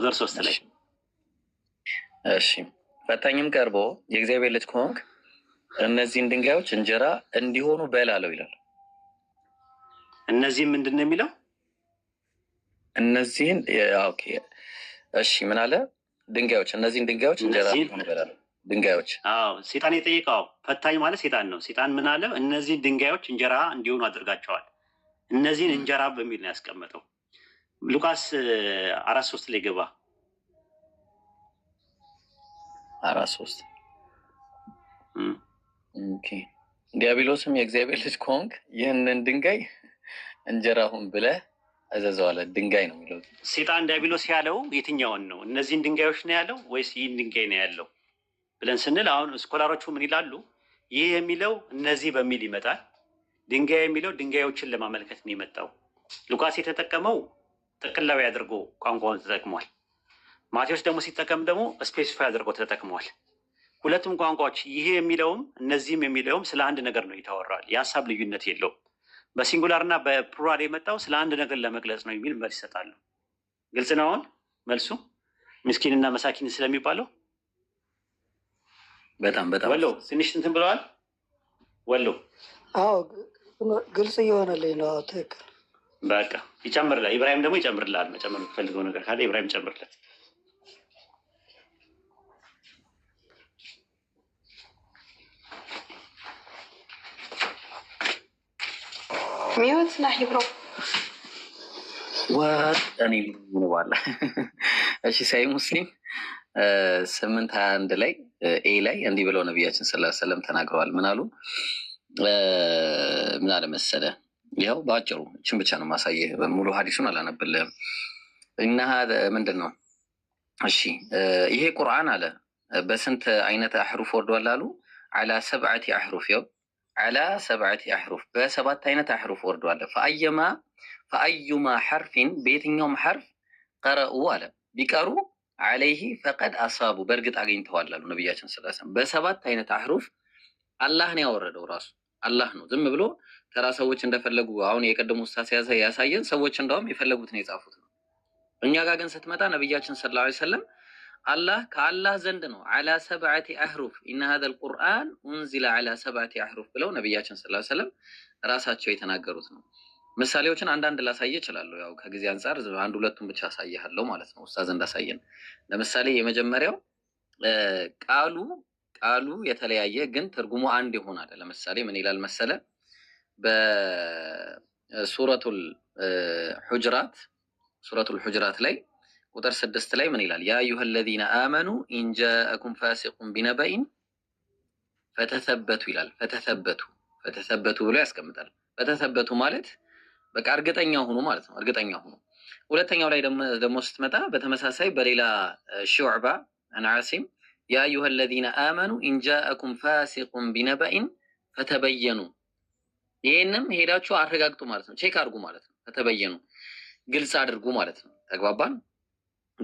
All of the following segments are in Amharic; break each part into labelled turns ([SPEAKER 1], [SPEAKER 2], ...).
[SPEAKER 1] ቁጥር ሶስት ላይ
[SPEAKER 2] እሺ ፈታኝም ቀርቦ የእግዚአብሔር ልጅ ከሆንክ እነዚህን ድንጋዮች እንጀራ እንዲሆኑ በል አለው ይላል።
[SPEAKER 1] እነዚህም ምንድን ነው የሚለው?
[SPEAKER 2] እነዚህን እሺ፣ ምን አለ? ድንጋዮች እነዚህን ድንጋዮች እንጀራ ድንጋዮች
[SPEAKER 1] አዎ፣ ሴጣን የጠየቀው ፈታኝ ማለት ሴጣን ነው። ሴጣን ምን አለ? እነዚህን ድንጋዮች እንጀራ እንዲሆኑ አድርጋቸዋል። እነዚህን እንጀራ በሚል ነው ያስቀመጠው። ሉቃስ አራት ሶስት ላይ ገባ
[SPEAKER 2] አራት ሶስት ዲያብሎስም የእግዚአብሔር ልጅ ከሆንክ ይህንን ድንጋይ እንጀራ ሁን ብለህ እዘዘዋለ። ድንጋይ ነው የሚለው
[SPEAKER 1] ሴጣን ዲያብሎስ ያለው የትኛውን ነው? እነዚህን ድንጋዮች ነው ያለው ወይስ ይህን ድንጋይ ነው ያለው ብለን ስንል አሁን ስኮላሮቹ ምን ይላሉ? ይህ የሚለው እነዚህ በሚል ይመጣል። ድንጋይ የሚለው ድንጋዮችን ለማመልከት ነው የመጣው። ሉቃስ የተጠቀመው ጥቅላዊ አድርጎ ቋንቋውን ተጠቅሟል። ማቴዎስ ደግሞ ሲጠቀም ደግሞ ስፔሲፋይ አድርጎ ተጠቅሟል። ሁለቱም ቋንቋዎች ይሄ የሚለውም እነዚህም የሚለውም ስለ አንድ ነገር ነው ይታወራል። የሀሳብ ልዩነት የለውም። በሲንጉላር እና በፕሉራል የመጣው ስለ አንድ ነገር ለመግለጽ ነው የሚል መልስ ይሰጣሉ። ግልጽ ነው አሁን መልሱ ምስኪን እና መሳኪን ስለሚባለው በጣም በጣም ወሎ ትንሽ እንትን ብለዋል። ወሎ
[SPEAKER 3] አዎ ግልጽ እየሆነልኝ ነው። ትክክል
[SPEAKER 1] በቃ ይጨምርላል። ኢብራሂም ደግሞ ይጨምርላል። መጨመር የምትፈልገው ነገር ካለ ኢብራሂም ይጨምርለት።
[SPEAKER 3] ሚዩት ነህ ብሮ
[SPEAKER 2] ወጣኔ ባለ እሺ፣ ሳይ ሙስሊም ስምንት ሀያ አንድ ላይ ኤ ላይ እንዲህ ብለው ነቢያችን ስላ ሰለም ተናግረዋል። ምናሉ ምን አለ መሰለ ያው በአጭሩ እችን ብቻ ነው ማሳየ ሙሉ ሀዲሱን አላነብልም። እና ምንድን ነው
[SPEAKER 1] እሺ፣ ይሄ ቁርአን አለ በስንት አይነት አሕሩፍ ወርዷል አሉ? አላ ሰብዓቲ አሕሩፍ ያው አላ ሰብዓቲ አሕሩፍ በሰባት አይነት አሕሩፍ ወርዷል። ፈአየማ ፈአዩማ ሐርፊን በየትኛውም ሐርፍ ቀረኡ አለ ቢቀሩ አለይህ ፈቀድ አሳቡ በእርግጥ አገኝተዋል አሉ ነቢያችን ስላ በሰባት አይነት አሕሩፍ አላህን ያወረደው ራሱ አላህ ነው። ዝም ብሎ ተራ ሰዎች እንደፈለጉ አሁን የቀደሙ ሲያዘ ያሳየን ሰዎች እንደውም የፈለጉትን የጻፉት ነው። እኛ ጋር ግን ስትመጣ ነቢያችን ስለ ላ ሰለም አላህ ከአላህ ዘንድ ነው አላ ሰብዓቲ አህሩፍ ኢነ ሀዛል ቁርአን ኡንዚለ አላ ሰብዓቲ አህሩፍ ብለው ነቢያችን ሰለላሁ ዐለይሂ ራሳቸው የተናገሩት ነው። ምሳሌዎችን አንዳንድ ላሳየ ይችላሉ። ያው ከጊዜ አንጻር አንድ ሁለቱን ብቻ አሳይሃለሁ ማለት ነው። ዘንድ አሳየን። ለምሳሌ የመጀመሪያው ቃሉ ቃሉ የተለያየ ግን ትርጉሙ አንድ ይሆናል። ለምሳሌ ምን ይላል መሰለ በሱረቱል ሑጅራት ሱረቱል ሑጅራት ላይ ቁጥር ስድስት ላይ ምን ይላል? ያ አዩሃ ለዚነ አመኑ ኢንጃአኩም ፋሲቁን ቢነበኢን ፈተሰበቱ ይላል። ፈተሰበቱ ፈተሰበቱ ብሎ ያስቀምጣል። ፈተሰበቱ ማለት በቃ እርግጠኛ ሁኑ ማለት ነው። እርግጠኛ ሁኑ። ሁለተኛው ላይ ደግሞ ስትመጣ በተመሳሳይ በሌላ ሽዕባ አን ያ አዩሃ ለዚነ አመኑ ኢንጃአኩም ፋሲቁን ቢነበኢን ፈተበየኑ። ይህንም ሄዳችሁ አረጋግጡ ማለት ነው፣ ቼክ አድርጉ ማለት ነው። ፈተበየኑ ግልጽ አድርጉ ማለት ነው። ተግባባን?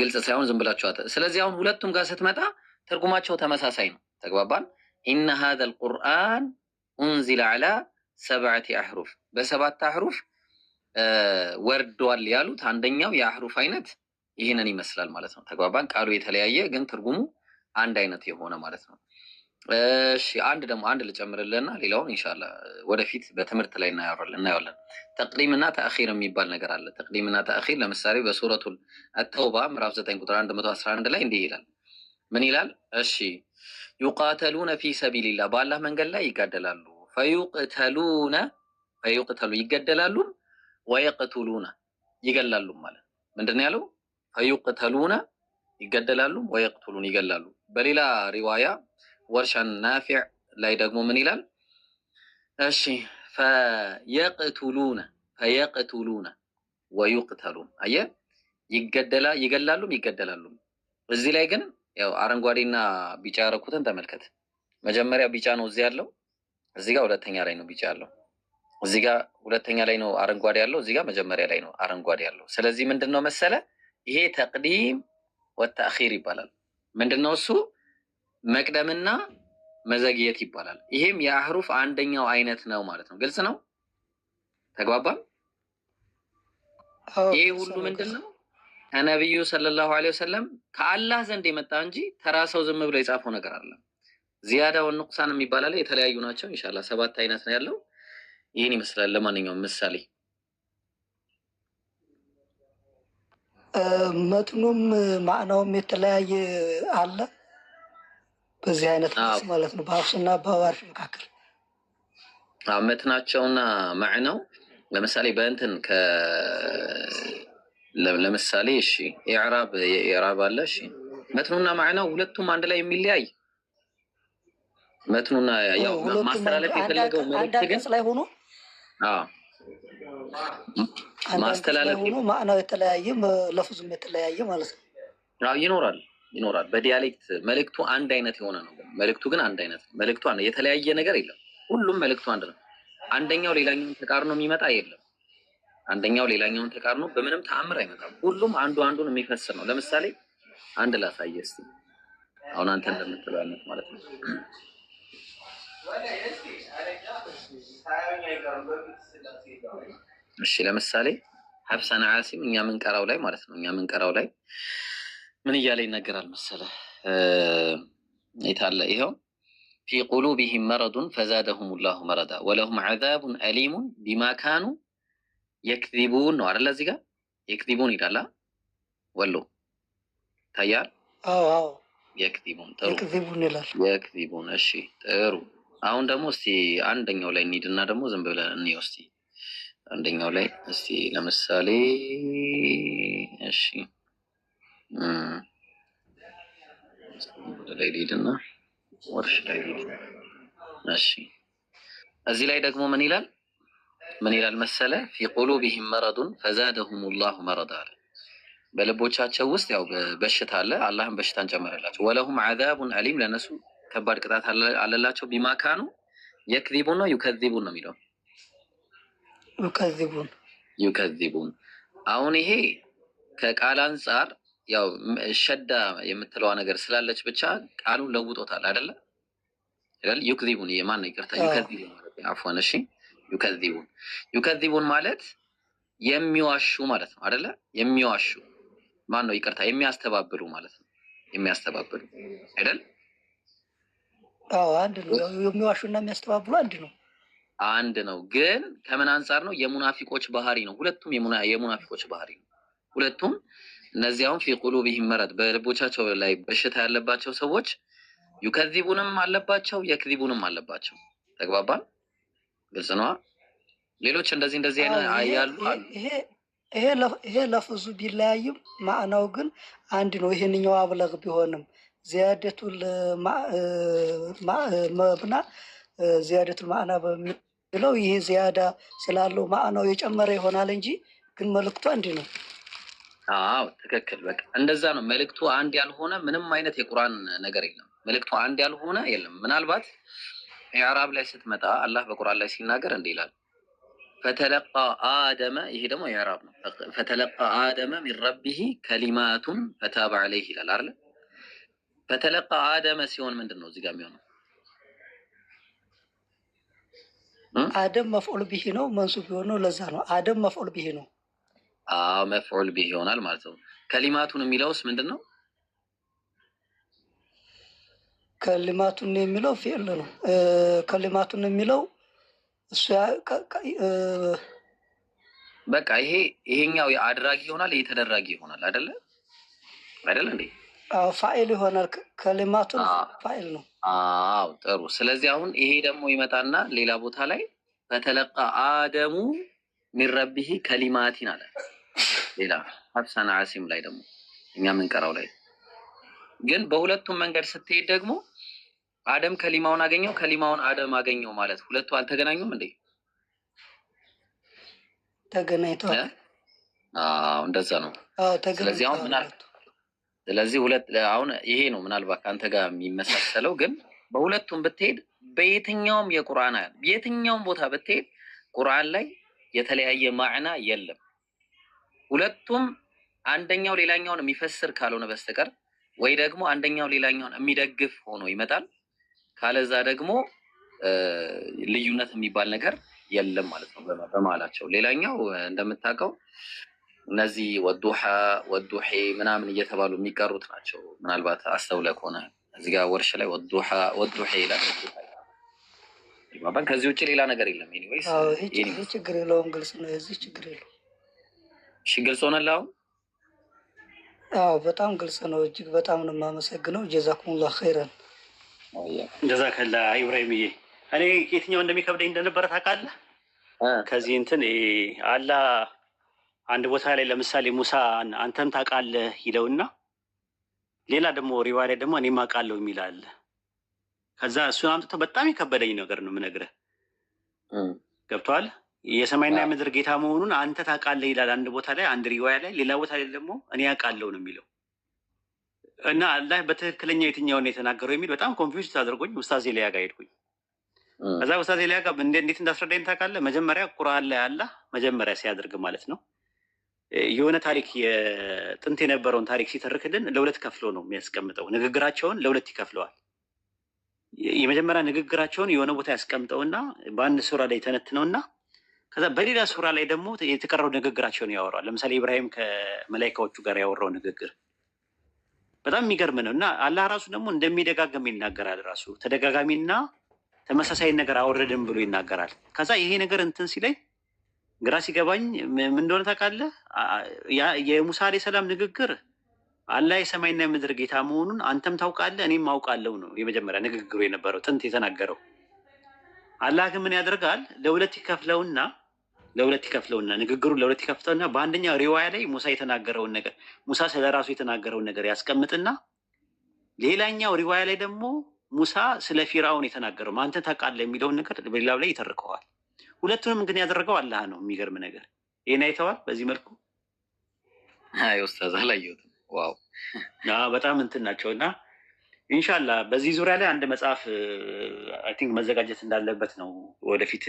[SPEAKER 1] ግልጽ ሳይሆን ዝም ብላችሁ። ስለዚህ አሁን ሁለቱም ጋር ስትመጣ ትርጉማቸው ተመሳሳይ ነው። ተግባባን? ኢነ ሀዘል ቁርአን ኡንዚለ ዐላ ሰብዐቲ አሕሩፍ በሰባት አሕሩፍ ወርዷል ያሉት አንደኛው የአሕሩፍ አይነት ይህንን ይመስላል ማለት ነው። ተግባባን? ቃሉ የተለያየ ግን ትርጉሙ አንድ አይነት የሆነ ማለት ነው። እሺ አንድ ደግሞ አንድ ልጨምርልህና ሌላውን እንሻላ ወደፊት በትምህርት ላይ እናየዋለን። ተቅዲምና ተአኺር የሚባል ነገር አለ። ተቅዲምና ተአኺር ለምሳሌ በሱረቱል አተውባ ምዕራፍ ዘጠኝ ቁጥር አንድ መቶ አስራ አንድ ላይ እንዲህ ይላል። ምን ይላል? እሺ ዩቃተሉነ ፊ ሰቢልላ በአላህ መንገድ ላይ ይጋደላሉ። ፈዩቅተሉነ ፈዩቅተሉ ይገደላሉ። ወየቅቱሉነ ይገላሉ ማለት ምንድን ነው ያለው? ፈዩቅተሉነ ይገደላሉ፣ ወየቅቱሉን ይገላሉ በሌላ ሪዋያ ወርሻን ናፊዕ ላይ ደግሞ ምን ይላል? እሺ ፈየቅቱሉነ ፈየቅቱሉነ ወዩቅተሉን አየ ይገደላ ይገላሉም ይገደላሉም። እዚህ ላይ ግን ያው አረንጓዴና ቢጫ ያረኩትን ተመልከት። መጀመሪያ ቢጫ ነው እዚህ ያለው፣ እዚህ ጋር ሁለተኛ ላይ ነው ቢጫ ያለው፣ እዚህ ጋር ሁለተኛ ላይ ነው አረንጓዴ ያለው፣ እዚህ ጋር መጀመሪያ ላይ ነው አረንጓዴ ያለው። ስለዚህ ምንድን ነው መሰለ ይሄ ተቅዲም ወተአኺር ይባላል። ምንድነው እሱ? መቅደምና መዘግየት ይባላል። ይሄም የአህሩፍ አንደኛው አይነት ነው ማለት ነው። ግልጽ ነው። ተግባባም። ይሄ ሁሉ ምንድን ነው? ከነቢዩ ሰለላሁ ዐለይሂ ወሰለም ከአላህ ዘንድ የመጣ እንጂ ተራ ሰው ዝም ብሎ የጻፈው ነገር አለ። ዚያዳውን ወንቁሳን የሚባል አለ። የተለያዩ ናቸው። ኢንሻላህ ሰባት አይነት ነው ያለው። ይህን ይመስላል። ለማንኛውም ምሳሌ
[SPEAKER 3] መትኑም ማዕናውም የተለያየ አለ። በዚህ አይነት ማለት ነው በሀፍስና በአዋርድ መካከል
[SPEAKER 1] መትናቸውና ማዕናው ለምሳሌ በእንትን ለምሳሌ እሺ፣ ኢዕራብ የኢዕራብ አለ። እሺ፣ መትኑና ማዕናው ሁለቱም አንድ ላይ የሚለያይ መትኑና ያው ማስተላለፍ
[SPEAKER 3] የፈለገው መልእክት ግን ላይ ሆኖ ማስተላለፍ ማዕናው የተለያየ ለፍዙም የተለያየ ማለት
[SPEAKER 1] ነው። ይኖራል ይኖራል በዲያሌክት መልእክቱ አንድ አይነት የሆነ ነው። መልእክቱ ግን አንድ አይነት ነው። መልእክቱ የተለያየ ነገር የለም። ሁሉም መልእክቱ አንድ ነው። አንደኛው ሌላኛውን ተቃርኖ የሚመጣ የለም። አንደኛው ሌላኛውን ተቃርኖ በምንም ተአምር አይመጣም። ሁሉም አንዱ አንዱን የሚፈስር ነው። ለምሳሌ አንድ ላሳየ እስኪ። አሁን አንተ እንደምትለው አይነት ማለት ነው እሺ ለምሳሌ ሀብሰን አሲም እኛ ምንቀራው ላይ ማለት ነው። እኛ ምንቀራው ላይ ምን እያለ ይነገራል መሰለ ይታለ ይኸው ፊ ቁሉቢሂም መረዱን ፈዛደሁም ላሁ መረዳ ወለሁም ዓዛቡን አሊሙን ቢማ ካኑ የክዚቡን ነው አደለ እዚህ ጋር የክዚቡን ይላላ ወሎ ታያል የክዚቡን ጥሩ የክዚቡን እሺ ጥሩ አሁን ደግሞ እስቲ አንደኛው ላይ እንሂድና ደግሞ ዝም ብለን እንየው እስቲ አንደኛው ላይ እስቲ ለምሳሌ እሺ ወደ ላይ ሊድና ወርሽ ላይ ሊድ እሺ እዚህ ላይ ደግሞ ምን ይላል? ምን ይላል መሰለ ፊ ቁሉብህም መረዱን ፈዛደሁም ላሁ መረዳ አለ። በልቦቻቸው ውስጥ ያው በሽታ አለ፣ አላህም በሽታን ጨመረላቸው። ወለሁም አዛቡን አሊም ለነሱ ከባድ ቅጣት አለላቸው። ቢማካኑ የክዚቡን ነው ዩከዚቡን ነው የሚለው
[SPEAKER 3] ዩከዚቡን
[SPEAKER 1] ዩከዚቡን። አሁን ይሄ ከቃል አንጻር ያው ሸዳ የምትለዋ ነገር ስላለች ብቻ ቃሉን ለውጦታል አይደለ? ይላል ዩክዚቡን የማን ነው? ይቅርታ ዩከዚቡን ማለት አፍዋን። እሺ ዩከዚቡን ዩከዚቡን ማለት የሚዋሹ ማለት ነው አይደለ? የሚዋሹ ማን ነው? ይቅርታ የሚያስተባብሉ ማለት ነው። የሚያስተባብሉ አይደል?
[SPEAKER 3] አዎ አንድ ነው። የሚዋሹ እና የሚያስተባብሉ አንድ ነው።
[SPEAKER 1] አንድ ነው። ግን ከምን አንጻር ነው? የሙናፊቆች ባህሪ ነው። ሁለቱም የሙናፊቆች ባህሪ ነው። ሁለቱም እነዚያውም ፊ መረድ በልቦቻቸው ላይ በሽታ ያለባቸው ሰዎች ዩከዚቡንም አለባቸው የክዚቡንም አለባቸው። ተግባባል። ግልጽ ነዋ። ሌሎች እንደዚህ እንደዚህ
[SPEAKER 3] ያሉ ይሄ ለፍዙ ቢለያይም ማዕናው ግን አንድ ነው። ይሄንኛው አብለግ ቢሆንም ዚያደቱ መብና ዚያደቱል ማዕና በሚለው ይህ ዚያዳ ስላለው ማዕናው የጨመረ ይሆናል እንጂ ግን መልእክቱ አንድ ነው።
[SPEAKER 1] አዎ ትክክል። በቃ እንደዛ ነው። መልእክቱ አንድ ያልሆነ ምንም አይነት የቁርአን ነገር የለም። መልእክቱ አንድ ያልሆነ የለም። ምናልባት የአራብ ላይ ስትመጣ አላህ በቁርአን ላይ ሲናገር እንዲህ ይላል ፈተለቃ አደመ ይሄ ደግሞ የዕራብ ነው። ፈተለቃ አደመ ሚን ረቢሂ ከሊማቱን ፈታበ አለይህ ይላል አለ። ፈተለቃ አደመ ሲሆን ምንድን ነው እዚህ ጋር የሚሆነው?
[SPEAKER 3] አደም መፍዑል ቢሂ ነው መንሱብ የሆነው ለዛ ነው። አደም መፍዑል ቢሂ ነው።
[SPEAKER 1] አዎ መፍዑል ቢሂ ይሆናል ማለት ነው። ከሊማቱን የሚለውስ ምንድን ነው?
[SPEAKER 3] ከሊማቱን የሚለው ፊዕል ነው። ከሊማቱን የሚለው እሱ
[SPEAKER 1] በቃ ይሄ ይሄኛው አድራጊ ይሆናል፣ ይሄ ተደራጊ ይሆናል። አይደለ አይደለ እንዴ
[SPEAKER 3] ፋይል ይሆናል። ከልማቱን ፋይል ነው።
[SPEAKER 1] አዎ ጥሩ። ስለዚህ አሁን ይሄ ደግሞ ይመጣና ሌላ ቦታ ላይ በተለቃ አደሙ ሚረቢሂ ከሊማቲን አለ። ሌላ ሀብሳና አሲም ላይ ደግሞ እኛ ምንቀራው ላይ ግን በሁለቱም መንገድ ስትሄድ ደግሞ አደም ከሊማውን አገኘው፣ ከሊማውን አደም አገኘው ማለት ሁለቱ አልተገናኙም እንዴ?
[SPEAKER 3] ተገናኝተዋል። እንደዛ ነው። ስለዚህ
[SPEAKER 1] አሁን ምናል ስለዚህ ሁለት አሁን ይሄ ነው ምናልባት ከአንተ ጋር የሚመሳሰለው ግን በሁለቱም ብትሄድ በየትኛውም የቁርአን የትኛውም ቦታ ብትሄድ ቁርአን ላይ የተለያየ ማዕና የለም። ሁለቱም አንደኛው ሌላኛውን የሚፈስር ካልሆነ በስተቀር ወይ ደግሞ አንደኛው ሌላኛውን የሚደግፍ ሆኖ ይመጣል። ካለዛ ደግሞ ልዩነት የሚባል ነገር የለም ማለት ነው በማላቸው ሌላኛው እንደምታውቀው እነዚህ ወዱሓ ወዱሄ ምናምን እየተባሉ የሚቀሩት ናቸው። ምናልባት አስተውለ ከሆነ እዚህ ጋር ወርሽ ላይ ወዱሓ ወዱሄ ይላል። ከዚህ ውጭ ሌላ ነገር የለም።
[SPEAKER 3] ችግር የለውም። ግልጽ ነው። የዚህ ችግር የለውም።
[SPEAKER 1] እሺ፣ ግልጽ ሆነላ አሁን?
[SPEAKER 3] አዎ፣ በጣም ግልጽ ነው። እጅግ በጣም ነው የማመሰግነው። ጀዛኩሙላ ኸይረን።
[SPEAKER 1] ጀዛከላ ኢብራሂምዬ። እኔ የትኛው እንደሚከብደኝ እንደነበረ ታውቃለህ። ከዚህ እንትን አላ አንድ ቦታ ላይ ለምሳሌ ሙሳ አንተም ታውቃለህ ይለውና ሌላ ደግሞ ሪዋ ደግሞ እኔም አውቃለሁ የሚላል። ከዛ እሱ አምጥተው በጣም የከበደኝ ነገር ነው የምነግርህ። ገብቶሃል? የሰማይና የምድር ጌታ መሆኑን አንተ ታውቃለህ ይላል አንድ ቦታ ላይ አንድ ሪዋያ ላይ፣ ሌላ ቦታ ላይ ደግሞ እኔ አውቃለሁ ነው የሚለው እና አላህ በትክክለኛ የትኛውን የተናገረው የሚል በጣም ኮንፊውዝ ታደርጎኝ ውስታዜ ላይ ጋር ሄድኩኝ። ከዛ ውስታዜ ላይ ጋር እንዴት እንዳስረዳኝ ታውቃለህ? መጀመሪያ ቁርአን ላይ አላህ መጀመሪያ ሲያደርግ ማለት ነው የሆነ ታሪክ ጥንት የነበረውን ታሪክ ሲተርክልን ለሁለት ከፍሎ ነው የሚያስቀምጠው። ንግግራቸውን ለሁለት ይከፍለዋል። የመጀመሪያ ንግግራቸውን የሆነ ቦታ ያስቀምጠውና በአንድ ሱራ ላይ ተነትነውና ከዛ በሌላ ሱራ ላይ ደግሞ የተቀረው ንግግራቸውን ያወራዋል። ለምሳሌ ኢብራሂም ከመላይካዎቹ ጋር ያወራው ንግግር በጣም የሚገርም ነው እና አላህ ራሱ ደግሞ እንደሚደጋገም ይናገራል። ራሱ ተደጋጋሚና ተመሳሳይ ነገር አወረድን ብሎ ይናገራል። ከዛ ይሄ ነገር እንትን ሲለኝ ግራ ሲገባኝ ምን እንደሆነ ታውቃለህ? የሙሳሌ ሰላም ንግግር አላህ የሰማይና የምድር ጌታ መሆኑን አንተም ታውቃለህ እኔም አውቃለሁ ነው የመጀመሪያ ንግግሩ የነበረው ጥንት የተናገረው። አላህ ግን ምን ያደርጋል? ለሁለት ይከፍለውና ለሁለት ይከፍለውና ንግግሩን ለሁለት ይከፍለውና በአንደኛው ሪዋያ ላይ ሙሳ የተናገረውን ነገር ሙሳ ስለ ራሱ የተናገረውን ነገር ያስቀምጥና ሌላኛው ሪዋያ ላይ ደግሞ ሙሳ ስለ ፊራውን የተናገረው አንተ ታውቃለህ የሚለውን ነገር በሌላው ላይ ይተርከዋል። ሁለቱንም ግን ያደረገው አላህ ነው። የሚገርም ነገር ይህን አይተዋል። በዚህ መልኩ ኡስታዝ አላየሁትም። ዋው በጣም እንትን ናቸው እና ኢንሻላ በዚህ ዙሪያ ላይ አንድ መጽሐፍ አይ ቲንክ መዘጋጀት እንዳለበት ነው ወደፊት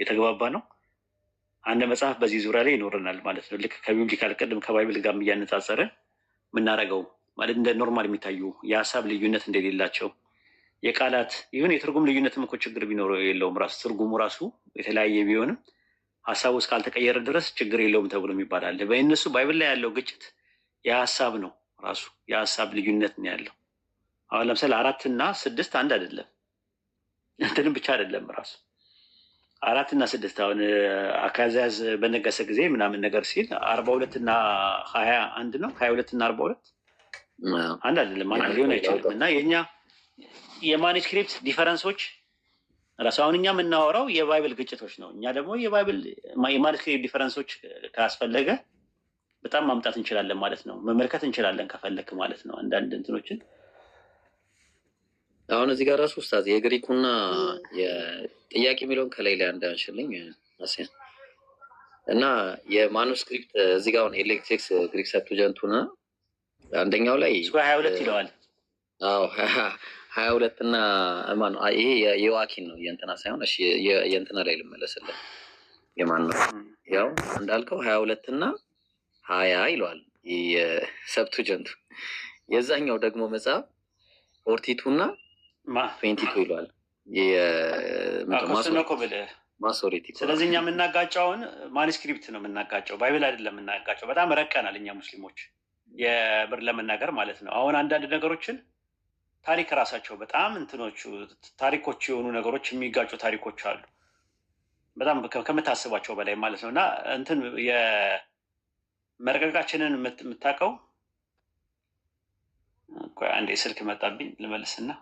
[SPEAKER 1] የተግባባ ነው። አንድ መጽሐፍ በዚህ ዙሪያ ላይ ይኖረናል ማለት ነው። ልክ ከቢብሊካል ቅድም ከባይብል ጋር እያነጻጸረ የምናደርገው ማለት እንደ ኖርማል የሚታዩ የሀሳብ ልዩነት እንደሌላቸው የቃላት ይሁን የትርጉም ልዩነትም እኮ ችግር ቢኖረው የለውም። ራሱ ትርጉሙ ራሱ የተለያየ ቢሆንም ሀሳቡ እስካልተቀየረ ድረስ ችግር የለውም ተብሎ የሚባላል በእነሱ ባይብል ላይ ያለው ግጭት የሀሳብ ነው። ራሱ የሀሳብ ልዩነት ነው ያለው። አሁን ለምሳሌ አራት እና ስድስት አንድ አይደለም። እንትንም ብቻ አይደለም ራሱ አራት እና ስድስት አሁን አካዛያዝ በነገሰ ጊዜ ምናምን ነገር ሲል አርባ ሁለት እና ሀያ አንድ ነው። ሀያ ሁለት እና አርባ ሁለት አንድ አይደለም። አንድ ሊሆን አይችልም እና የኛ የማኒስክሪፕት ዲፈረንሶች ራሱ አሁን እኛ የምናወራው የባይብል ግጭቶች ነው። እኛ ደግሞ የባይብል ዲፈረንሶች ካስፈለገ በጣም ማምጣት እንችላለን ማለት ነው። መመልከት እንችላለን ከፈለክ ማለት ነው። አንዳንድ እንትኖችን
[SPEAKER 2] አሁን እዚህ ጋር ራሱ ውስታት የግሪኩና የጥያቄ የሚለውን ከላይ ላይ አንዳንሽልኝ እና የማኑስክሪፕት እዚህ ጋር አሁን ኤሌክትሪክስ ግሪክ ሰብቱጀንቱና አንደኛው ላይ
[SPEAKER 1] ሀያ ሁለት ይለዋል
[SPEAKER 2] ሀያ ሁለት እና ማነው ይሄ የዋኪን ነው የእንትና ሳይሆን እሺ፣ የእንትና ላይ ልመለስልህ። የማን ነው ያው እንዳልከው ሀያ ሁለት እና ሀያ ይለዋል የሰብቱ ጀንቱ። የዛኛው ደግሞ መጽሐፍ ኦርቲቱ እና ፌንቲቱ ይለዋል ማሶሪቲ።
[SPEAKER 1] ስለዚህ እኛ የምናጋጫውን ማኒስክሪፕት ነው የምናጋጨው፣ ባይብል አይደለም የምናጋጨው። በጣም ረቀናል እኛ ሙስሊሞች የብር ለመናገር ማለት ነው። አሁን አንዳንድ ነገሮችን ታሪክ ራሳቸው በጣም እንትኖቹ ታሪኮች የሆኑ ነገሮች የሚጋጩ ታሪኮች አሉ። በጣም ከምታስባቸው በላይ ማለት ነው። እና እንትን የመረቀቃችንን የምታውቀው አንዴ ስልክ መጣብኝ ልመልስና